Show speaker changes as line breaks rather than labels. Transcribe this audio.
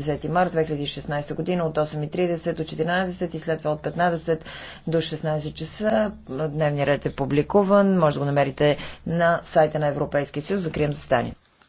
10 март 2016 година от 8.30 до 14 и след това от 15 до 16 часа. Дневният ред е публикуван. Може да го намерите на сайта на
Европейския съюз. Закрием застанието.